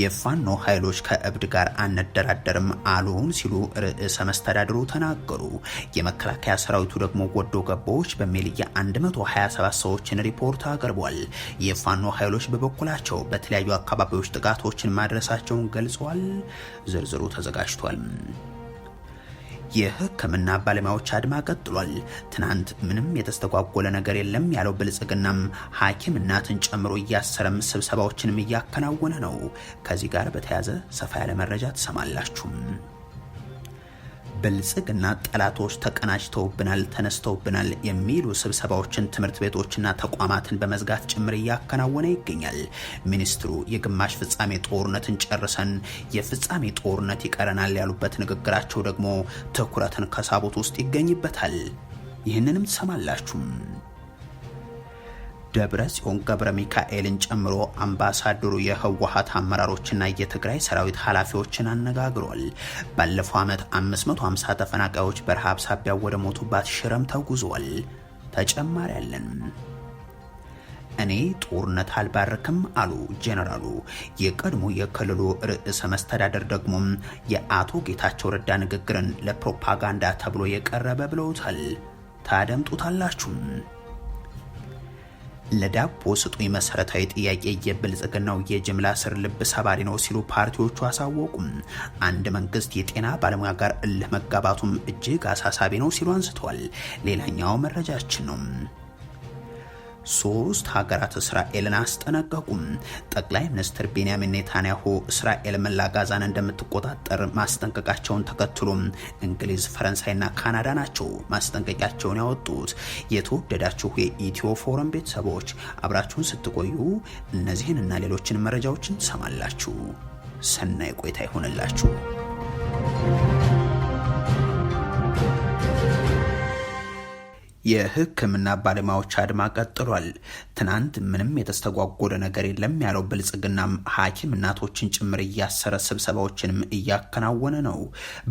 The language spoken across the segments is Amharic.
የፋኖ ኃይሎች ከእብድ ጋር አንደራደርም አሉን ሲሉ ርዕሰ መስተዳድሩ ተናገሩ። የመከላከያ ሰራዊቱ ደግሞ ወዶ ገቦዎች በሚል የ127 ሰዎችን ሪፖርት አቅርቧል። የፋኖ ኃይሎች በበኩላቸው በተለያዩ አካባቢዎች ጥቃቶችን ማድረሳቸውን ገልጸዋል። ዝርዝሩ ተዘጋጅቷል። የህክምና ባለሙያዎች አድማ ቀጥሏል። ትናንት ምንም የተስተጓጎለ ነገር የለም ያለው ብልጽግናም ሐኪም እናትን ጨምሮ እያሰረም ስብሰባዎችንም እያከናወነ ነው። ከዚህ ጋር በተያያዘ ሰፋ ያለ መረጃ ትሰማላችሁም። ብልጽግና ጠላቶች ተቀናጅተውብናል፣ ተነስተውብናል የሚሉ ስብሰባዎችን ትምህርት ቤቶችና ተቋማትን በመዝጋት ጭምር እያከናወነ ይገኛል። ሚኒስትሩ የግማሽ ፍጻሜ ጦርነትን ጨርሰን የፍጻሜ ጦርነት ይቀረናል ያሉበት ንግግራቸው ደግሞ ትኩረትን ከሳቡት ውስጥ ይገኝበታል። ይህንንም ትሰማላችሁም። ደብረ ጽዮን ገብረ ሚካኤልን ጨምሮ አምባሳደሩ የህወሀት አመራሮችና የትግራይ ሰራዊት ኃላፊዎችን አነጋግሯል። ባለፈው ዓመት 550 ተፈናቃዮች በረሃብ ሳቢያ ወደ ሞቱባት ሽረም ተጉዟል። ተጨማሪ አለን። እኔ ጦርነት አልባርክም አሉ ጄኔራሉ። የቀድሞ የክልሉ ርዕሰ መስተዳደር ደግሞ የአቶ ጌታቸው ረዳ ንግግርን ለፕሮፓጋንዳ ተብሎ የቀረበ ብለውታል። ታደምጡታላችሁ። ለዳቦ ስጡኝ መሰረታዊ ጥያቄ የብልጽግናው የጅምላ ስር ልብ ሰባሪ ነው ሲሉ ፓርቲዎቹ አሳወቁም። አንድ መንግስት የጤና ባለሙያ ጋር እልህ መጋባቱም እጅግ አሳሳቢ ነው ሲሉ አንስተዋል። ሌላኛው መረጃችን ነው። ሶስት ሀገራት እስራኤልን አስጠነቀቁም። ጠቅላይ ሚኒስትር ቤንያሚን ኔታንያሁ እስራኤል መላ ጋዛን እንደምትቆጣጠር ማስጠንቀቃቸውን ተከትሎም እንግሊዝ፣ ፈረንሳይና ካናዳ ናቸው ማስጠንቀቂያቸውን ያወጡት። የተወደዳችሁ የኢትዮ ፎረም ቤተሰቦች አብራችሁን ስትቆዩ እነዚህን እና ሌሎችን መረጃዎችን ሰማላችሁ። ሰናይ ቆይታ ይሆንላችሁ። የሕክምና ባለሙያዎች አድማ ቀጥሏል። ትናንት ምንም የተስተጓጎለ ነገር የለም ያለው ብልጽግናም ሐኪም እናቶችን ጭምር እያሰረ ስብሰባዎችንም እያከናወነ ነው።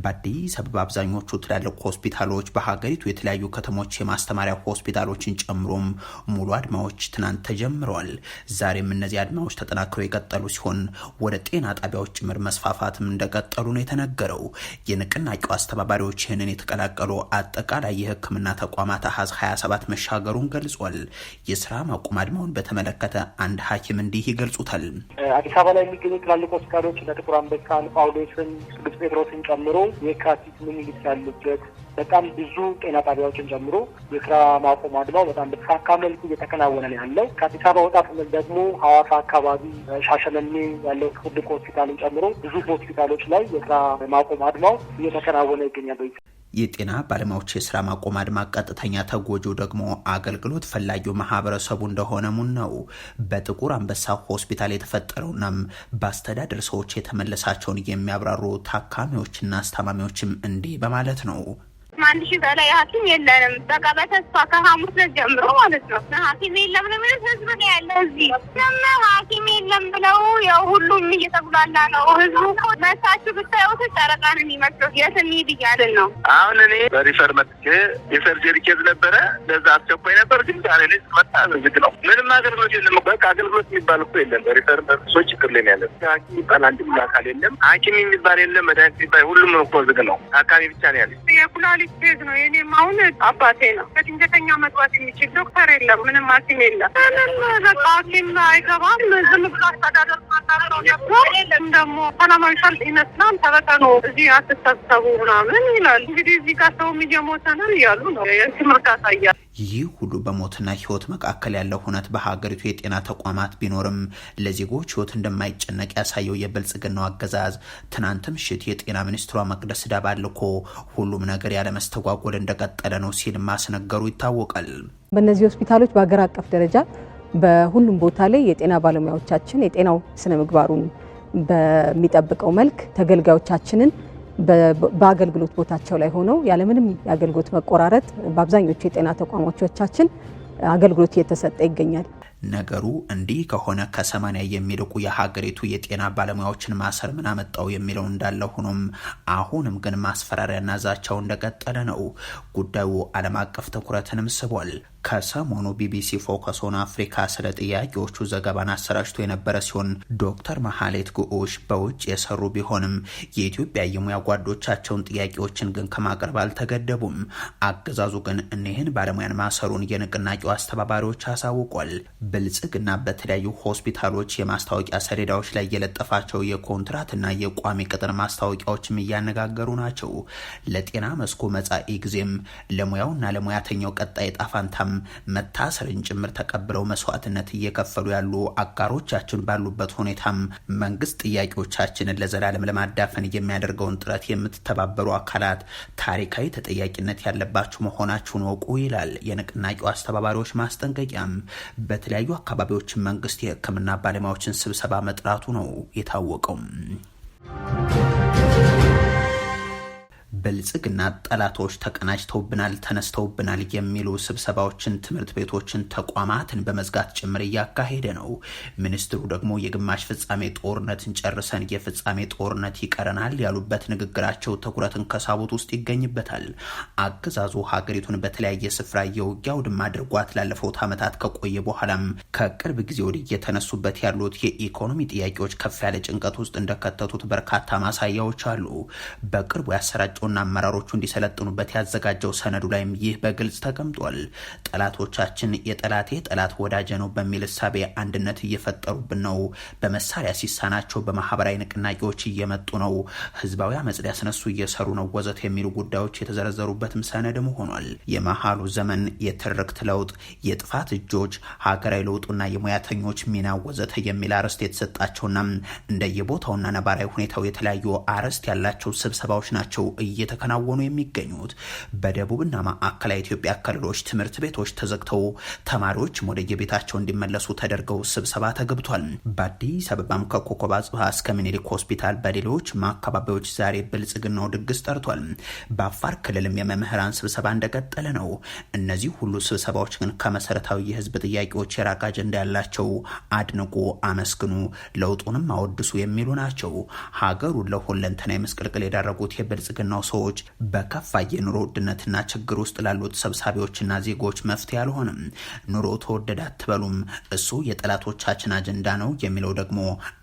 በአዲስ አበባ አብዛኞቹ ትላልቅ ሆስፒታሎች፣ በሀገሪቱ የተለያዩ ከተሞች የማስተማሪያ ሆስፒታሎችን ጨምሮም ሙሉ አድማዎች ትናንት ተጀምረዋል። ዛሬም እነዚህ አድማዎች ተጠናክረው የቀጠሉ ሲሆን ወደ ጤና ጣቢያዎች ጭምር መስፋፋትም እንደቀጠሉ ነው የተነገረው። የንቅናቄው አስተባባሪዎች ይህንን የተቀላቀሉ አጠቃላይ የሕክምና ተቋማት አሃዝ 27 መሻገሩን ገልጿል። የስራ ማቆም አድማውን በተመለከተ አንድ ሐኪም እንዲህ ይገልጹታል። አዲስ አበባ ላይ የሚገኙ ትላልቅ ሆስፒታሎች እንደ ጥቁር አንበሳን፣ ጳውሎስን፣ ቅዱስ ጴጥሮስን ጨምሮ የካቲት ምኒልክ ያሉበት በጣም ብዙ ጤና ጣቢያዎችን ጨምሮ የስራ ማቆም አድማው በጣም በተሳካ መልኩ እየተከናወነ ነው ያለው። ከአዲስ አበባ ወጣ ስንል ደግሞ ሐዋሳ አካባቢ ሻሸመኔ ያለው ትልቅ ሆስፒታልን ጨምሮ ብዙ ሆስፒታሎች ላይ የስራ ማቆም አድማው እየተከናወነ ይገኛል። የጤና ባለሙያዎች የስራ ማቆም አድማ ቀጥተኛ ተጎጂው ደግሞ አገልግሎት ፈላጊው ማህበረሰቡ እንደሆነ ሙን ነው። በጥቁር አንበሳ ሆስፒታል የተፈጠረውናም በአስተዳደር ሰዎች የተመለሳቸውን የሚያብራሩ ታካሚዎችና አስታማሚዎችም እንዲህ በማለት ነው አንድ ሺህ በላይ ሐኪም የለንም። በቃ በተስፋ ከሐሙስ ዕለት ጀምሮ ማለት ነው ሐኪም የለም ነው የሚሉት ህዝብ ነው ያለ እዚህ ስም ሐኪም የለም ብለው ያው ሁሉም እየተጉላላ ነው ህዝቡ። መታችሁ ብታዩት ጨረቃ ነው የሚመስለው። የት እንሂድ እያልን ነው። አሁን እኔ በሪፈር መጥቼ የሰርጀሪ ኬዝ ነበረ ለዛ አስቸኳይ ነበር፣ ግን ዛሬ ላይ መጣ ዝግ ነው። ምንም አገልግሎት የለም። በቃ አገልግሎት የሚባል እኮ የለም። በሪፈር ሰዎች ችግር ላይ ያለ ሐኪም የሚባል አንድ አካል የለም። ሐኪም የሚባል የለም። መድኃኒት የሚባል ሁሉም እኮ ዝግ ነው። ታካሚ ብቻ ነው ያለ ፖሊስ ኬዝ ነው። የኔም አሁን አባቴ ነው። በድንገተኛ መግባት የሚችል ዶክተር የለም፣ ምንም ሐኪም የለም። ምንም በቃ ሐኪም አይገባም። ዝም ብሎ አስተዳደር ማዳረውለም ደግሞ ሰላማዊ ሰልፍ ይመስላል። ተበተኑ፣ እዚህ አትሰብሰቡ ምናምን ይላል። እንግዲህ እዚህ ጋር ሰውም እየሞተ ነው እያሉ ነው የእርዳታ እያሉ ይህ ሁሉ በሞትና ህይወት መካከል ያለው ሁነት በሀገሪቱ የጤና ተቋማት ቢኖርም ለዜጎች ህይወት እንደማይጨነቅ ያሳየው የብልጽግናው አገዛዝ ትናንት ምሽት የጤና ሚኒስትሯ መቅደስ ዳባ ልኮ ሁሉም ነገር ያለመስተጓጎል እንደቀጠለ ነው ሲል ማስነገሩ ይታወቃል። በእነዚህ ሆስፒታሎች በሀገር አቀፍ ደረጃ በሁሉም ቦታ ላይ የጤና ባለሙያዎቻችን የጤናው ስነ ምግባሩን በሚጠብቀው መልክ ተገልጋዮቻችንን በአገልግሎት ቦታቸው ላይ ሆነው ያለምንም የአገልግሎት መቆራረጥ በአብዛኞቹ የጤና ተቋሞቻችን አገልግሎት እየተሰጠ ይገኛል። ነገሩ እንዲህ ከሆነ ከሰማንያ የሚልቁ የሀገሪቱ የጤና ባለሙያዎችን ማሰር ምን አመጣው የሚለው እንዳለ ሆኖም አሁንም ግን ማስፈራሪያና ዛቻው እንደቀጠለ ነው። ጉዳዩ ዓለም አቀፍ ትኩረትንም ስቧል። ከሰሞኑ ቢቢሲ ፎከስ ኦን አፍሪካ ስለ ጥያቄዎቹ ዘገባን አሰራጭቶ የነበረ ሲሆን ዶክተር መሐሌት ጉዑሽ በውጭ የሰሩ ቢሆንም የኢትዮጵያ የሙያ ጓዶቻቸውን ጥያቄዎችን ግን ከማቅረብ አልተገደቡም። አገዛዙ ግን እኒህን ባለሙያን ማሰሩን የንቅናቄው አስተባባሪዎች አሳውቋል። ብልጽግና በተለያዩ ሆስፒታሎች የማስታወቂያ ሰሌዳዎች ላይ የለጠፋቸው የኮንትራትና የቋሚ ቅጥር ማስታወቂያዎችም እያነጋገሩ ናቸው። ለጤና መስኩ መጻኢ ጊዜም ለሙያውና ለሙያተኛው ቀጣይ ጣፋንታም መታሰርን ጭምር ተቀብለው መስዋዕትነት እየከፈሉ ያሉ አጋሮቻችን ባሉበት ሁኔታም መንግስት ጥያቄዎቻችንን ለዘላለም ለማዳፈን የሚያደርገውን ጥረት የምትተባበሩ አካላት ታሪካዊ ተጠያቂነት ያለባችሁ መሆናችሁን ወቁ ይላል የንቅናቄው አስተባባሪዎች ማስጠንቀቂያም። የተለያዩ አካባቢዎች መንግስት የህክምና ባለሙያዎችን ስብሰባ መጥራቱ ነው የታወቀው። ብልጽግና ጠላቶች ተቀናጅተውብናል፣ ተነስተውብናል የሚሉ ስብሰባዎችን፣ ትምህርት ቤቶችን፣ ተቋማትን በመዝጋት ጭምር እያካሄደ ነው። ሚኒስትሩ ደግሞ የግማሽ ፍጻሜ ጦርነትን ጨርሰን የፍጻሜ ጦርነት ይቀረናል ያሉበት ንግግራቸው ትኩረትን ከሳቡት ውስጥ ይገኝበታል። አገዛዙ ሀገሪቱን በተለያየ ስፍራ የውጊያ ውድማ አድርጓት ላለፉት ዓመታት ከቆየ በኋላም ከቅርብ ጊዜ ወዲህ እየተነሱበት ያሉት የኢኮኖሚ ጥያቄዎች ከፍ ያለ ጭንቀት ውስጥ እንደከተቱት በርካታ ማሳያዎች አሉ። በቅርቡ ያሰራጭ እንዲመርጡና አመራሮቹ እንዲሰለጥኑበት ያዘጋጀው ሰነዱ ላይም ይህ በግልጽ ተቀምጧል። ጠላቶቻችን የጠላቴ ጠላት ወዳጀ ነው በሚል እሳቤ አንድነት እየፈጠሩብን ነው። በመሳሪያ ሲሳናቸው በማህበራዊ ንቅናቄዎች እየመጡ ነው። ህዝባዊ አመፅ ሊያስነሱ እየሰሩ ነው ወዘት የሚሉ ጉዳዮች የተዘረዘሩበትም ሰነድም ሆኗል። የመሃሉ ዘመን የትርክት ለውጥ፣ የጥፋት እጆች፣ ሀገራዊ ለውጡና የሙያተኞች ሚና ወዘተ የሚል አርዕስት የተሰጣቸውና እንደየቦታውና ነባራዊ ሁኔታው የተለያዩ አርዕስት ያላቸው ስብሰባዎች ናቸው እየተከናወኑ የሚገኙት። በደቡብና ማዕከላዊ ኢትዮጵያ ክልሎች ትምህርት ቤቶች ተዘግተው ተማሪዎችም ወደየቤታቸው እንዲመለሱ ተደርገው ስብሰባ ተገብቷል። በአዲስ አበባም ከኮከብ አጽብሃ እስከ ምኒልክ ሆስፒታል፣ በሌሎች አካባቢዎች ዛሬ ብልጽግናው ድግስ ጠርቷል። በአፋር ክልልም የመምህራን ስብሰባ እንደቀጠለ ነው። እነዚህ ሁሉ ስብሰባዎች ግን ከመሰረታዊ የህዝብ ጥያቄዎች የራቀ አጀንዳ ያላቸው አድንቁ፣ አመስግኑ፣ ለውጡንም አወድሱ የሚሉ ናቸው። ሀገሩን ለሁለንተና የመስቀልቅል የዳረጉት የብልጽግናው አብዛኛው ሰዎች በከፋ የኑሮ ውድነትና ችግር ውስጥ ላሉት ሰብሳቢዎችና ዜጎች መፍትሄ አልሆንም። ኑሮ ተወደደ አትበሉም፣ እሱ የጠላቶቻችን አጀንዳ ነው የሚለው ደግሞ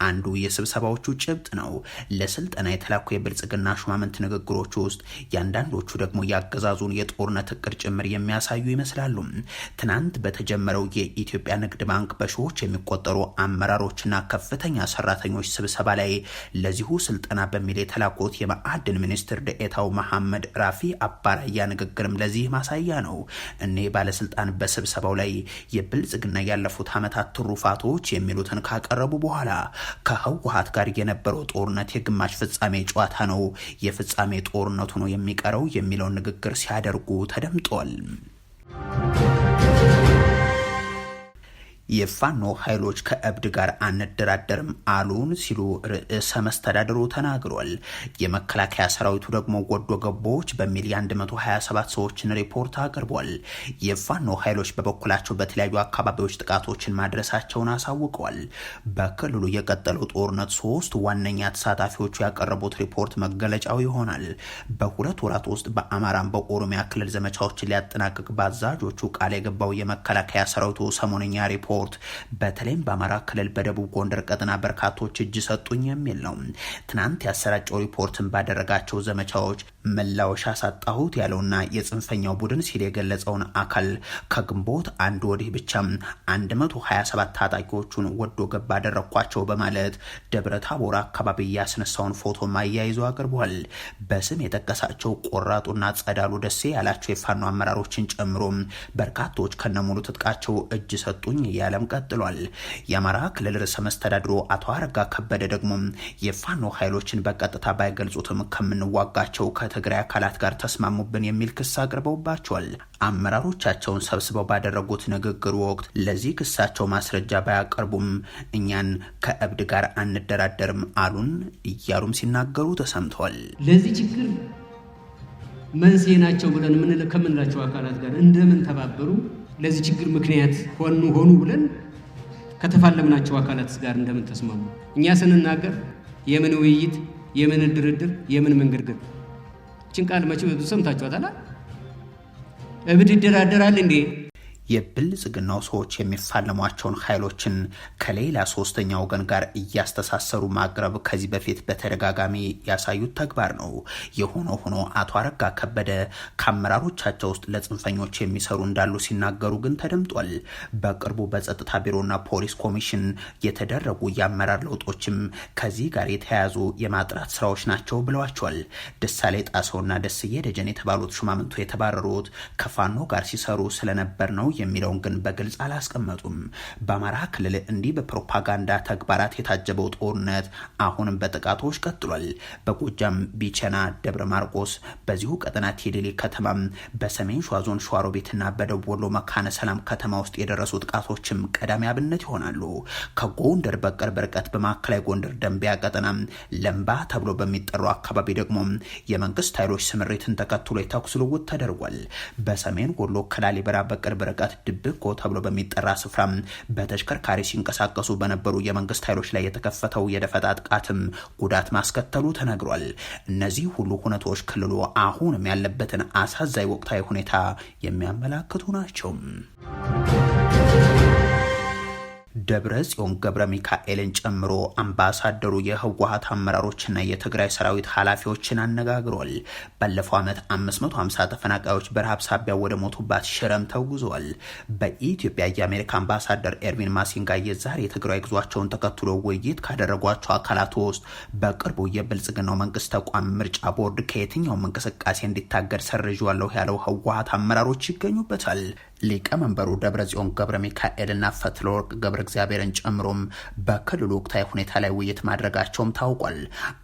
አንዱ የስብሰባዎቹ ጭብጥ ነው። ለስልጠና የተላኩ የብልጽግና ሹማምንት ንግግሮች ውስጥ የአንዳንዶቹ ደግሞ የአገዛዙን የጦርነት እቅድ ጭምር የሚያሳዩ ይመስላሉ። ትናንት በተጀመረው የኢትዮጵያ ንግድ ባንክ በሺዎች የሚቆጠሩ አመራሮችና ከፍተኛ ሰራተኞች ስብሰባ ላይ ለዚሁ ስልጠና በሚል የተላኩት የማዕድን ሚኒስትር ደኤ ጌታው መሐመድ ራፊ አባራያ ንግግርም ለዚህ ማሳያ ነው። እኔ ባለስልጣን በስብሰባው ላይ የብልጽግና ያለፉት ዓመታት ትሩፋቶች የሚሉትን ካቀረቡ በኋላ ከህወሀት ጋር የነበረው ጦርነት የግማሽ ፍጻሜ ጨዋታ ነው፣ የፍጻሜ ጦርነቱ ነው የሚቀረው የሚለውን ንግግር ሲያደርጉ ተደምጧል። የፋኖ ኃይሎች ከእብድ ጋር አንደራደርም አሉን ሲሉ ርዕሰ መስተዳድሩ ተናግሯል። የመከላከያ ሰራዊቱ ደግሞ ጎዶ ገቦዎች በሚል የ127 ሰዎችን ሪፖርት አቅርቧል። የፋኖ ኃይሎች በበኩላቸው በተለያዩ አካባቢዎች ጥቃቶችን ማድረሳቸውን አሳውቀዋል። በክልሉ የቀጠለው ጦርነት ሶስት ዋነኛ ተሳታፊዎቹ ያቀረቡት ሪፖርት መገለጫው ይሆናል። በሁለት ወራት ውስጥ በአማራም በኦሮሚያ ክልል ዘመቻዎችን ሊያጠናቅቅ በአዛዦቹ ቃል የገባው የመከላከያ ሰራዊቱ ሰሞነኛ ሪፖርት ሪፖርት በተለይም በአማራ ክልል በደቡብ ጎንደር ቀጠና በርካቶች እጅ ሰጡኝ የሚል ነው። ትናንት ያሰራጨው ሪፖርትን ባደረጋቸው ዘመቻዎች መላወሻ ሳጣሁት ያለውና የጽንፈኛው ቡድን ሲል የገለጸውን አካል ከግንቦት አንድ ወዲህ ብቻ 127 ታጣቂዎቹን ወዶ ገብ አደረግኳቸው በማለት ደብረ ታቦር አካባቢ ያስነሳውን ፎቶ ማያይዞ አቅርቧል። በስም የጠቀሳቸው ቆራጡና ጸዳሉ ደሴ ያላቸው የፋኖ አመራሮችን ጨምሮ በርካቶች ከነሙሉ ትጥቃቸው እጅ ሰጡኝ እያ እንዳለም ቀጥሏል። የአማራ ክልል ርዕሰ መስተዳድሩ አቶ አረጋ ከበደ ደግሞ የፋኖ ኃይሎችን በቀጥታ ባይገልጹትም ከምንዋጋቸው ከትግራይ አካላት ጋር ተስማሙብን የሚል ክስ አቅርበውባቸዋል። አመራሮቻቸውን ሰብስበው ባደረጉት ንግግር ወቅት ለዚህ ክሳቸው ማስረጃ ባያቀርቡም እኛን ከእብድ ጋር አንደራደርም አሉን እያሉም ሲናገሩ ተሰምተዋል። ለዚህ ችግር መንስኤ ናቸው ብለን ከምንላቸው አካላት ጋር እንደምን ተባበሩ ለዚህ ችግር ምክንያት ሆኑ ሆኑ ብለን ከተፋለምናቸው አካላት ጋር እንደምን ተስማሙ? እኛ ስንናገር የምን ውይይት፣ የምን ድርድር፣ የምን መንገድገድ ጭንቃል ቃል መቼ ብዙ ሰምታችኋታል። እብድ ይደራደራል እንዴ? የብልጽግናው ሰዎች የሚፋለሟቸውን ኃይሎችን ከሌላ ሶስተኛ ወገን ጋር እያስተሳሰሩ ማቅረብ ከዚህ በፊት በተደጋጋሚ ያሳዩት ተግባር ነው። የሆነ ሆኖ አቶ አረጋ ከበደ ከአመራሮቻቸው ውስጥ ለጽንፈኞች የሚሰሩ እንዳሉ ሲናገሩ ግን ተደምጧል። በቅርቡ በጸጥታ ቢሮና ፖሊስ ኮሚሽን የተደረጉ የአመራር ለውጦችም ከዚህ ጋር የተያያዙ የማጥራት ስራዎች ናቸው ብለዋቸዋል። ደሳሌ ጣሰውና ደስዬ ደጀን የተባሉት ሹማምንቱ የተባረሩት ከፋኖ ጋር ሲሰሩ ስለነበር ነው የሚለውን ግን በግልጽ አላስቀመጡም። በአማራ ክልል እንዲህ በፕሮፓጋንዳ ተግባራት የታጀበው ጦርነት አሁንም በጥቃቶች ቀጥሏል። በጎጃም ቢቸና ደብረ ማርቆስ፣ በዚሁ ቀጠና ቴሌሌ ከተማ፣ በሰሜን ሸዋ ዞን ሸዋሮቤትና በደቡብ ወሎ መካነ ሰላም ከተማ ውስጥ የደረሱ ጥቃቶችም ቀዳሚ አብነት ይሆናሉ። ከጎንደር በቅርብ ርቀት በማዕከላዊ ጎንደር ደንቢያ ቀጠና ለምባ ተብሎ በሚጠሩ አካባቢ ደግሞ የመንግስት ኃይሎች ስምሪትን ተከትሎ የተኩስ ልውውጥ ተደርጓል። በሰሜን ወሎ ከላሊበራ በቅርብ ርቀት ለማጥቃት ድብቆ ተብሎ በሚጠራ ስፍራ በተሽከርካሪ ሲንቀሳቀሱ በነበሩ የመንግስት ኃይሎች ላይ የተከፈተው የደፈጣ ጥቃትም ጉዳት ማስከተሉ ተነግሯል። እነዚህ ሁሉ ሁነቶች ክልሉ አሁንም ያለበትን አሳዛኝ ወቅታዊ ሁኔታ የሚያመላክቱ ናቸው። ደብረ ጽዮን ገብረ ሚካኤልን ጨምሮ አምባሳደሩ የህወሀት አመራሮችና የትግራይ ሰራዊት ኃላፊዎችን አነጋግሯል። ባለፈው ዓመት 550 ተፈናቃዮች በረሃብ ሳቢያ ወደ ሞቱባት ሽረም ተጉዟል። በኢትዮጵያ የአሜሪካ አምባሳደር ኤርቪን ማሲንጋ የዛሬ የትግራይ ጉዟቸውን ተከትሎ ውይይት ካደረጓቸው አካላት ውስጥ በቅርቡ የብልጽግናው መንግስት ተቋም ምርጫ ቦርድ ከየትኛውም እንቅስቃሴ እንዲታገድ ሰርዣለሁ ያለው ህወሀት አመራሮች ይገኙበታል። ሊቀመንበሩ ደብረጽዮን ገብረ ሚካኤልና ፈትለወርቅ ገብረ እግዚአብሔርን ጨምሮም በክልሉ ወቅታዊ ሁኔታ ላይ ውይይት ማድረጋቸውም ታውቋል።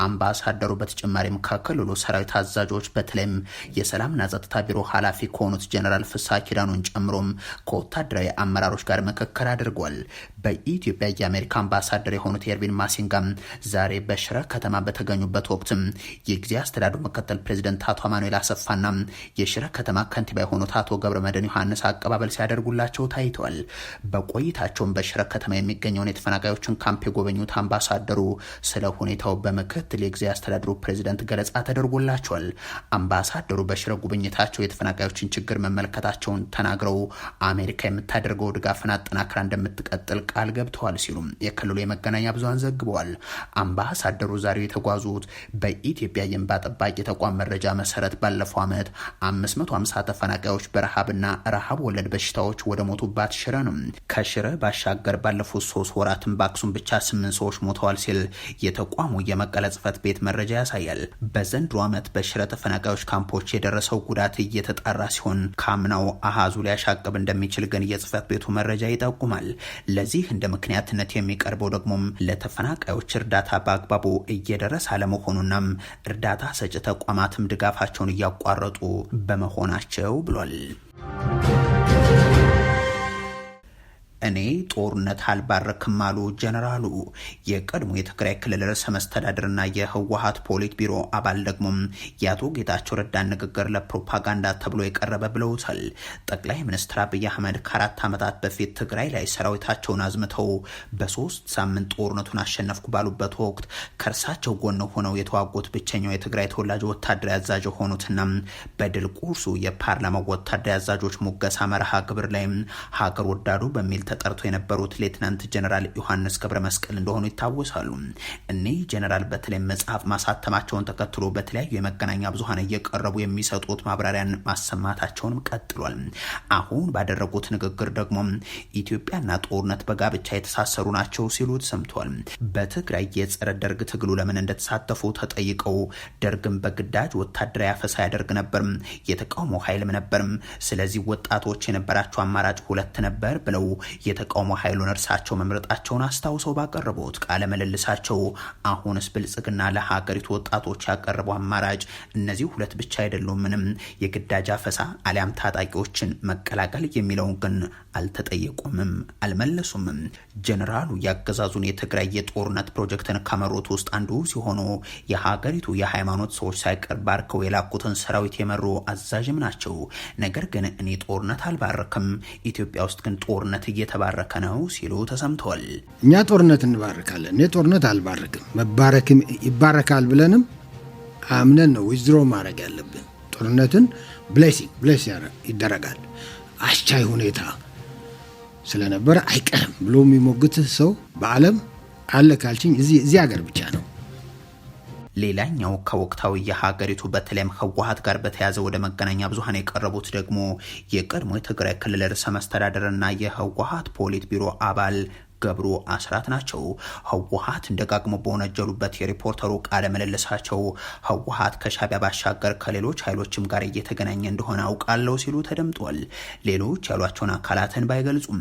አምባሳደሩ በተጨማሪም ከክልሉ ሰራዊት አዛዦች በተለይም የሰላምና ጸጥታ ቢሮ ኃላፊ ከሆኑት ጀኔራል ፍሳ ኪዳኑን ጨምሮም ከወታደራዊ አመራሮች ጋር ምክክር አድርጓል። በኢትዮጵያ የአሜሪካ አምባሳደር የሆኑት ኤርቪን ማሲንጋም ዛሬ በሽረ ከተማ በተገኙበት ወቅትም የጊዜ አስተዳደሩ ምክትል ፕሬዚደንት አቶ አማኑኤል አሰፋና የሽረ ከተማ ከንቲባ የሆኑት አቶ ገብረ መድን ዮሐንስ አቀባበል ሲያደርጉላቸው ታይተዋል። በቆይታቸውን በሽረ ከተማ የሚገኘውን የተፈናቃዮችን ካምፕ የጎበኙት አምባሳደሩ ስለ ሁኔታው በምክትል የጊዜያዊ አስተዳደሩ ፕሬዚደንት ገለጻ ተደርጎላቸዋል። አምባሳደሩ በሽረ ጉብኝታቸው የተፈናቃዮችን ችግር መመልከታቸውን ተናግረው አሜሪካ የምታደርገው ድጋፍን አጠናክራ እንደምትቀጥል ቃል ገብተዋል ሲሉም የክልሉ የመገናኛ ብዙኃን ዘግበዋል። አምባሳደሩ ዛሬው የተጓዙት በኢትዮጵያ የእንባ ጠባቂ ተቋም መረጃ መሰረት ባለፈው ዓመት 550 ተፈናቃዮች በረሃብና ረሃብ ወለድ በሽታዎች ወደ ሞቱባት ሽረ ነው። ከሽረ ባሻገር ባለፉት ሶስት ወራትም በአክሱም ብቻ ስምንት ሰዎች ሞተዋል ሲል የተቋሙ የመቀለ ጽህፈት ቤት መረጃ ያሳያል። በዘንድሮ ዓመት በሽረ ተፈናቃዮች ካምፖች የደረሰው ጉዳት እየተጣራ ሲሆን ካምናው አሃዙ ሊያሻቅብ እንደሚችል ግን የጽፈት ቤቱ መረጃ ይጠቁማል። ለዚህ እንደ ምክንያትነት የሚቀርበው ደግሞም ለተፈናቃዮች እርዳታ በአግባቡ እየደረሰ አለመሆኑናም እርዳታ ሰጪ ተቋማትም ድጋፋቸውን እያቋረጡ በመሆናቸው ብሏል። እኔ ጦርነት አልባረክም አሉ ጀነራሉ። የቀድሞ የትግራይ ክልል ርዕሰ መስተዳድርና የህወሀት ፖሊት ቢሮ አባል ደግሞ የአቶ ጌታቸው ረዳን ንግግር ለፕሮፓጋንዳ ተብሎ የቀረበ ብለውታል። ጠቅላይ ሚኒስትር አብይ አህመድ ከአራት ዓመታት በፊት ትግራይ ላይ ሰራዊታቸውን አዝምተው በሶስት ሳምንት ጦርነቱን አሸነፍኩ ባሉበት ወቅት ከእርሳቸው ጎን ሆነው የተዋጉት ብቸኛው የትግራይ ተወላጅ ወታደራዊ አዛዥ የሆኑትና በድል ቁርሱ የፓርላማው ወታደራዊ አዛዦች ሙገሳ መርሃ ግብር ላይ ሀገር ወዳዱ በሚል ተጠርቶ የነበሩት ሌትናንት ጀነራል ዮሐንስ ገብረ መስቀል እንደሆኑ ይታወሳሉ። እኒህ ጀነራል በተለይ መጽሐፍ ማሳተማቸውን ተከትሎ በተለያዩ የመገናኛ ብዙሀን እየቀረቡ የሚሰጡት ማብራሪያን ማሰማታቸውንም ቀጥሏል። አሁን ባደረጉት ንግግር ደግሞ ኢትዮጵያና ጦርነት በጋብቻ የተሳሰሩ ናቸው ሲሉ ተሰምቷል። በትግራይ የጸረ ደርግ ትግሉ ለምን እንደተሳተፉ ተጠይቀው ደርግም በግዳጅ ወታደራዊ አፈሳ ያደርግ ነበርም፣ የተቃውሞ ኃይልም ነበርም። ስለዚህ ወጣቶች የነበራቸው አማራጭ ሁለት ነበር ብለው የተቃውሞ ኃይሉን እርሳቸው መምረጣቸውን አስታውሰው ባቀረቡት ቃለ ምልልሳቸው አሁንስ ብልጽግና ለሀገሪቱ ወጣቶች ያቀረበው አማራጭ እነዚህ ሁለት ብቻ አይደሉም፣ ምንም የግዳጅ አፈሳ አሊያም ታጣቂዎችን መቀላቀል የሚለውን ግን አልተጠየቁምም፣ አልመለሱምም። ጀኔራሉ ያገዛዙን የትግራይ የጦርነት ፕሮጀክትን ከመሩት ውስጥ አንዱ ሲሆኑ የሀገሪቱ የሃይማኖት ሰዎች ሳይቀር ባርከው የላኩትን ሰራዊት የመሩ አዛዥም ናቸው። ነገር ግን እኔ ጦርነት አልባረክም፣ ኢትዮጵያ ውስጥ ግን ጦርነት እየ እየተባረከ ነው ሲሉ ተሰምቷል። እኛ ጦርነት እንባርካለን። እኔ ጦርነት አልባርክም። መባረክም ይባረካል ብለንም አምነን ነው ዊዝድሮ ማድረግ ያለብን። ጦርነትን ብሌሲንግ ብሌስ ይደረጋል። አስቻይ ሁኔታ ስለነበረ አይቀርም ብሎ የሚሞግት ሰው በዓለም አለ ካልችኝ እዚህ ሀገር ብቻ ነው። ሌላኛው ከወቅታዊ የሀገሪቱ በተለይም ህወሀት ጋር በተያዘ ወደ መገናኛ ብዙሀን የቀረቡት ደግሞ የቀድሞ የትግራይ ክልል ርዕሰ መስተዳደርና የህወሀት ፖሊት ቢሮ አባል ገብሩ አስራት ናቸው። ህወሀት ደጋግሞ በወነጀሉበት የሪፖርተሩ ቃለ ምልልሳቸው ህወሀት ከሻቢያ ባሻገር ከሌሎች ኃይሎችም ጋር እየተገናኘ እንደሆነ አውቃለሁ ሲሉ ተደምጧል። ሌሎች ያሏቸውን አካላትን ባይገልጹም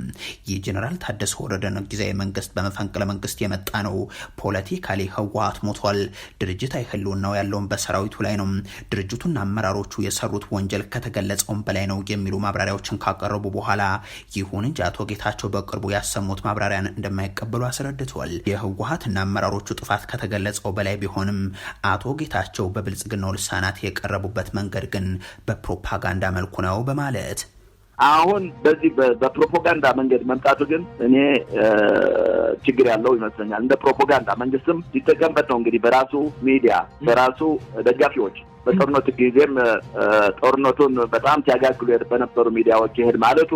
የጀኔራል ታደሰ ወረደን ጊዜያዊ መንግስት በመፈንቅለ መንግስት የመጣ ነው፣ ፖለቲካሊ ህወሀት ሞቷል፣ ድርጅት አይህልውናው ያለውን በሰራዊቱ ላይ ነው፣ ድርጅቱና አመራሮቹ የሰሩት ወንጀል ከተገለጸውን በላይ ነው የሚሉ ማብራሪያዎችን ካቀረቡ በኋላ ይሁን እንጂ አቶ ጌታቸው በቅርቡ ያሰሙት ማብራሪያን እንደማይቀበሉ አስረድቷል። የህወሀትና አመራሮቹ ጥፋት ከተገለጸው በላይ ቢሆንም አቶ ጌታቸው በብልጽግናው ልሳናት የቀረቡበት መንገድ ግን በፕሮፓጋንዳ መልኩ ነው በማለት አሁን በዚህ በፕሮፓጋንዳ መንገድ መምጣቱ ግን እኔ ችግር ያለው ይመስለኛል። እንደ ፕሮፓጋንዳ መንግስትም ሊጠቀምበት ነው እንግዲህ በራሱ ሚዲያ በራሱ ደጋፊዎች በጦርነቱ ጊዜም ጦርነቱን በጣም ሲያጋግሉ በነበሩ ሚዲያዎች ይሄድ ማለቱ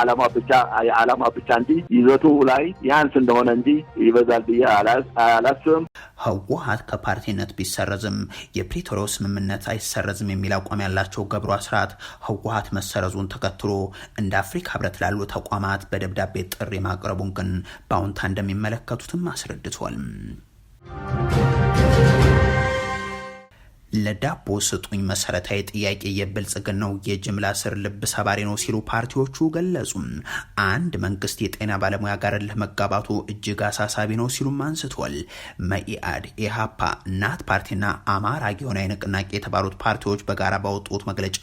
አላማ ብቻ የአላማ ብቻ እንጂ ይዘቱ ላይ ያንስ እንደሆነ እንጂ ይበዛል ብዬ አላስብም። ህወሀት ከፓርቲነት ቢሰረዝም የፕሪቶሪያው ስምምነት አይሰረዝም የሚል አቋም ያላቸው ገብሩ አስራት ህወሀት መሰረዙን ተከትሎ እንደ አፍሪካ ህብረት ላሉ ተቋማት በደብዳቤ ጥሪ ማቅረቡን ግን በአዎንታ እንደሚመለከቱትም አስረድቷል። ለዳቦ ስጡኝ መሰረታዊ ጥያቄ የብልጽግናው የጅምላ ስር ልብ ሰባሪ ነው ሲሉ ፓርቲዎቹ ገለጹ። አንድ መንግስት የጤና ባለሙያ ጋር ለመጋባቱ እጅግ አሳሳቢ ነው ሲሉም አንስቷል። መኢአድ፣ ኢሃፓ፣ እናት ፓርቲና አማራ ጊዮናዊ ንቅናቄ የተባሉት ፓርቲዎች በጋራ ባወጡት መግለጫ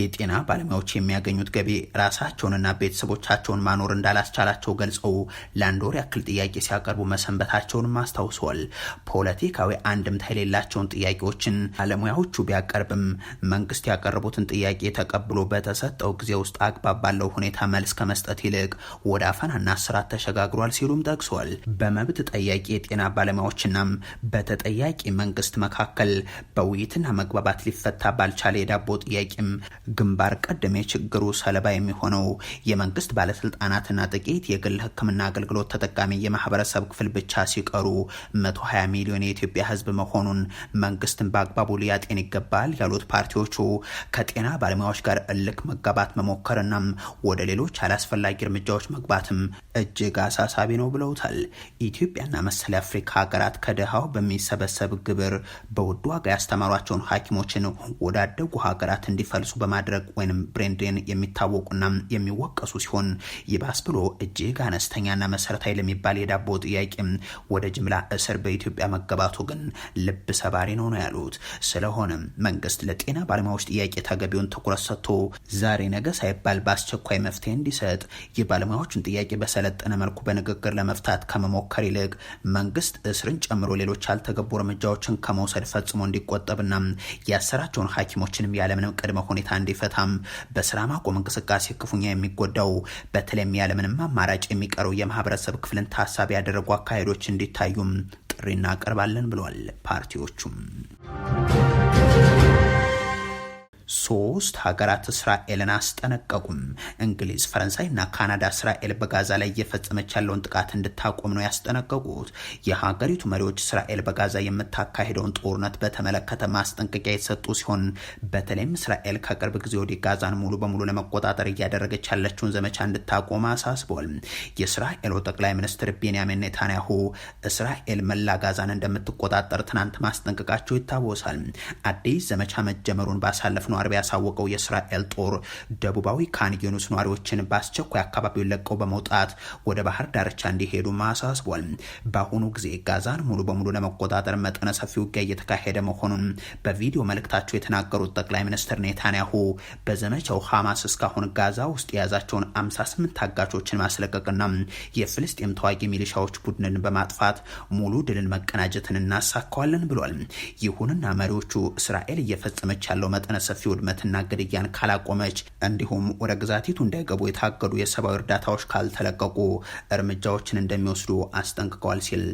የጤና ባለሙያዎች የሚያገኙት ገቢ ራሳቸውንና ቤተሰቦቻቸውን ማኖር እንዳላስቻላቸው ገልጸው ለአንድ ወር ያክል ጥያቄ ሲያቀርቡ መሰንበታቸውንም አስታውሰዋል። ፖለቲካዊ አንድምታ የሌላቸውን ጥያቄዎችን አለ ባለሙያዎቹ ቢያቀርብም መንግስት ያቀረቡትን ጥያቄ ተቀብሎ በተሰጠው ጊዜ ውስጥ አግባብ ባለው ሁኔታ መልስ ከመስጠት ይልቅ ወደ አፈናና ስራት ተሸጋግሯል ሲሉም ጠቅሰዋል። በመብት ጠያቂ የጤና ባለሙያዎችናም በተጠያቂ መንግስት መካከል በውይይትና መግባባት ሊፈታ ባልቻለ የዳቦ ጥያቄም ግንባር ቀደም የችግሩ ሰለባ የሚሆነው የመንግስት ባለስልጣናትና ጥቂት የግል ሕክምና አገልግሎት ተጠቃሚ የማህበረሰብ ክፍል ብቻ ሲቀሩ 120 ሚሊዮን የኢትዮጵያ ሕዝብ መሆኑን መንግስትን በአግባቡ ሊያጤን ይገባል ያሉት ፓርቲዎቹ ከጤና ባለሙያዎች ጋር እልክ መጋባት መሞከርናም ወደ ሌሎች አላስፈላጊ እርምጃዎች መግባትም እጅግ አሳሳቢ ነው ብለውታል። ኢትዮጵያና መሰል አፍሪካ ሀገራት ከድሃው በሚሰበሰብ ግብር በውድ ዋጋ ያስተማሯቸውን ሐኪሞችን ወዳደጉ ሀገራት እንዲፈልሱ በማድረግ ወይም ብሬንድን የሚታወቁና የሚወቀሱ ሲሆን ይባስ ብሎ እጅግ አነስተኛና መሰረታዊ ለሚባል የዳቦ ጥያቄ ወደ ጅምላ እስር በኢትዮጵያ መገባቱ ግን ልብ ሰባሪ ነው ነው ያሉት። ስለሆነም መንግስት ለጤና ባለሙያዎች ጥያቄ ተገቢውን ትኩረት ሰጥቶ ዛሬ ነገ ሳይባል በአስቸኳይ መፍትሄ እንዲሰጥ የባለሙያዎቹን ጥያቄ በሰለጠነ መልኩ በንግግር ለመፍታት ከመሞከር ይልቅ መንግስት እስርን ጨምሮ ሌሎች ያልተገቡ እርምጃዎችን ከመውሰድ ፈጽሞ እንዲቆጠብና ያሰራቸውን ሐኪሞችንም ያለምንም ቅድመ ሁኔታ እንዲፈታም በስራ ማቆም እንቅስቃሴ ክፉኛ የሚጎዳው በተለይም ያለምንም አማራጭ የሚቀረው የማህበረሰብ ክፍልን ታሳቢ ያደረጉ አካሄዶች እንዲታዩም ጥሪ እናቀርባለን ብሏል ፓርቲዎቹም። Thank you. ሶስት ሀገራት እስራኤልን አስጠነቀቁም። እንግሊዝ፣ ፈረንሳይና ካናዳ እስራኤል በጋዛ ላይ እየፈጸመች ያለውን ጥቃት እንድታቆም ነው ያስጠነቀቁት። የሀገሪቱ መሪዎች እስራኤል በጋዛ የምታካሄደውን ጦርነት በተመለከተ ማስጠንቀቂያ የተሰጡ ሲሆን በተለይም እስራኤል ከቅርብ ጊዜ ወዲህ ጋዛን ሙሉ በሙሉ ለመቆጣጠር እያደረገች ያለችውን ዘመቻ እንድታቆም አሳስቧል። የእስራኤሉ ጠቅላይ ሚኒስትር ቤንያሚን ኔታንያሁ እስራኤል መላ ጋዛን እንደምትቆጣጠር ትናንት ማስጠንቀቃቸው ይታወሳል። አዲስ ዘመቻ መጀመሩን ባሳለፍነው አርብ ያሳወቀው የእስራኤል ጦር ደቡባዊ ካን ዩኒስ ነዋሪዎችን በአስቸኳይ አካባቢውን ለቀው በመውጣት ወደ ባህር ዳርቻ እንዲሄዱ ማሳስቧል። በአሁኑ ጊዜ ጋዛን ሙሉ በሙሉ ለመቆጣጠር መጠነ ሰፊ ውጊያ እየተካሄደ መሆኑን በቪዲዮ መልእክታቸው የተናገሩት ጠቅላይ ሚኒስትር ኔታንያሁ በዘመቻው ሐማስ እስካሁን ጋዛ ውስጥ የያዛቸውን 58 ታጋቾችን ማስለቀቅና የፍልስጤም ተዋጊ ሚሊሻዎች ቡድንን በማጥፋት ሙሉ ድልን መቀናጀትን እናሳካዋለን ብሏል። ይሁንና መሪዎቹ እስራኤል እየፈጸመች ያለው መጠነ ሰፊ ሰፊ ውድመትና ግድያን ካላቆመች እንዲሁም ወደ ግዛቲቱ እንዳይገቡ የታገዱ የሰብአዊ እርዳታዎች ካልተለቀቁ እርምጃዎችን እንደሚወስዱ አስጠንቅቀዋል ሲል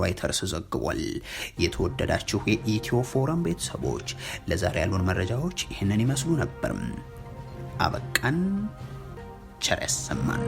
ሮይተርስ ዘግቧል። የተወደዳችሁ የኢትዮ ፎረም ቤተሰቦች ለዛሬ ያሉን መረጃዎች ይህንን ይመስሉ ነበር። አበቃን። ቸር ያሰማን።